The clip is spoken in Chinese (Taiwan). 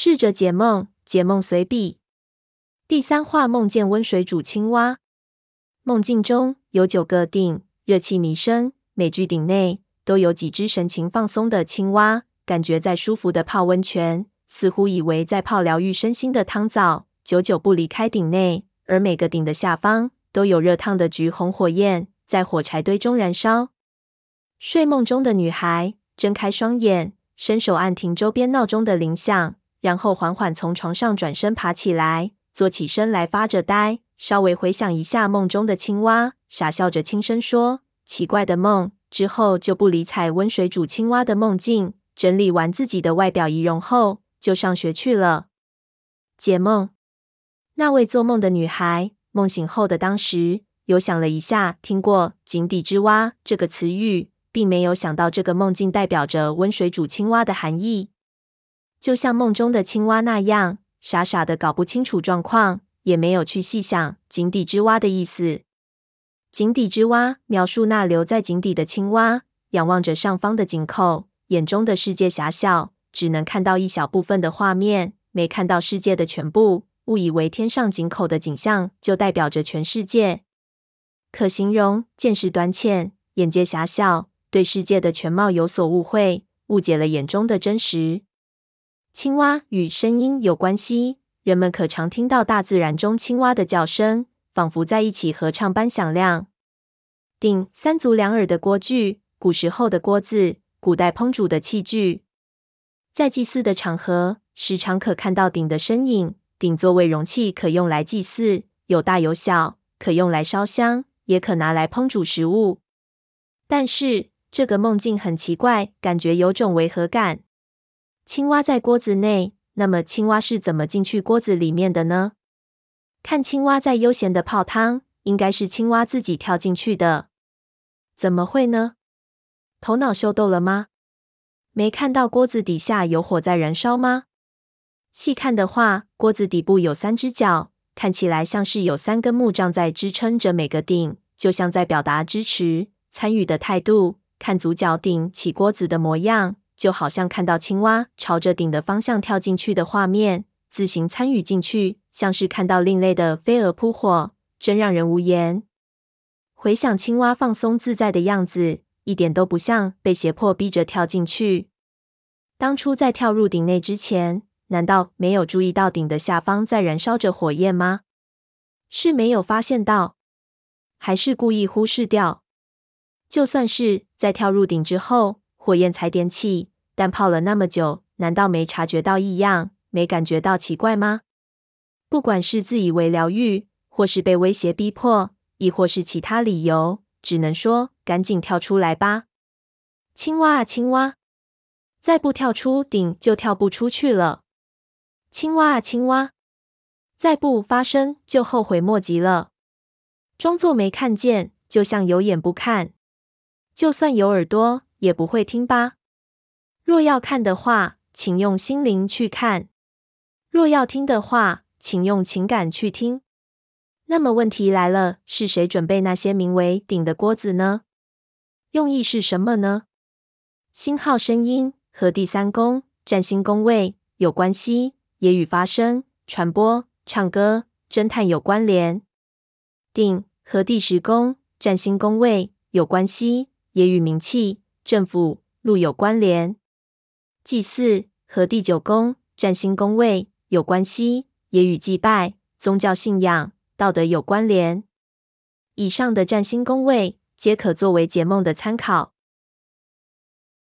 試着解夢，解夢隨筆第三話：夢見溫水煮青蛙。夢境中有九個鼎，熱氣瀰升，每具鼎內都有幾隻神情放鬆的青蛙，感覺在舒服的泡溫泉，似乎以為在泡療癒身心的湯澡，久久不離開鼎內。而每個鼎的下方都有熱燙的橘紅火焰在火柴堆中燃燒。睡夢中的女孩睜開雙眼，伸手按停周邊鬧鐘的鈴響。然後緩緩從床上轉身爬起來，坐起身來發着呆，稍微回想一下夢中的青蛙，傻笑着輕聲說：“奇怪的夢。”之後就不理睬溫水煮青蛙的夢境。整理完自己的外表儀容後，就上學去了。解夢，那位做夢的女孩夢醒後的當時，有想了一下，聽過“井底之蛙”這個詞語，並沒有想到這個夢境代表着溫水煮青蛙的含義。就像夢中的青蛙那樣，傻傻的搞不清楚狀況，也沒有去細想“井底之蛙”的意思。“井底之蛙”描述那留在井底的青蛙，仰望着上方的井口，眼中的世界狹小，只能看到一小部分的畫面，沒看到世界的全部，誤以為天上井口的景象就代表着全世界。可形容見識短淺、眼界狹小，對世界的全貌有所誤會，誤解了眼中的真實。青蛙與聲音有關係，人們可常聽到大自然中青蛙的叫聲，仿佛在一起合唱般響亮。鼎，三足兩耳的鍋具，古時候的鍋子，古代烹煮的器具。在祭祀的場合，時常可看到鼎的身影。鼎作為容器，可用來祭祀，有大有小，可用來燒香，也可拿來烹煮食物。但是，這個夢境很奇怪，感覺有種違和感。青蛙在鍋子內，那麼青蛙是怎麼進去鍋子裡面的呢？看青蛙在悠閒的泡湯，應該是青蛙自己跳進去的。怎麼會呢？頭腦秀逗了嗎？沒看到鍋子底下有火在燃燒嗎？細看的話，鍋子底部有三隻腳，看起來像是有三根木杖在支撐着每個鼎，就像在表達支持、參與的態度，看足腳頂起鍋子的模樣。就好像看到青蛙朝着鼎的方向跳進去的畫面，自行參與進去，像是看到另類的飛蛾撲火，真讓人無言。回想青蛙放鬆自在的樣子，一點都不像被脅迫逼着跳進去。當初在跳入鼎內之前，難道沒有注意到鼎的下方在燃燒着火焰嗎？是沒有發現到，還是故意忽視掉？就算是在跳入鼎之後。火焰才點起，但泡了那麼久，難道沒察覺到異樣，沒感覺到奇怪嗎？不管是自以為療癒，或是被威脅逼迫，亦或是其他理由，只能說趕緊跳出來吧！青蛙啊，青蛙，再不跳出鼎就跳不出去了。青蛙啊，青蛙，再不發聲就後悔莫及了。裝作沒看見，就像有眼不看，就算有耳朵。也不會聽吧？若要看的話，請用心靈去看；若要聽的話，請用情感去聽。那麼問題來了：是誰準備那些名為“鼎”的鍋子呢？用意是什麼呢？星號聲音和第三宮占星宮位有關係，也與發聲、傳播、唱歌、偵探有關聯。鼎和第十宮占星宮位有關係，也與名氣。政府、鹿有關聯，祭祀和第九宮占星宮位有關係，也與祭拜、宗教信仰、道德有關聯。以上的占星宮位皆可作為解夢的參考。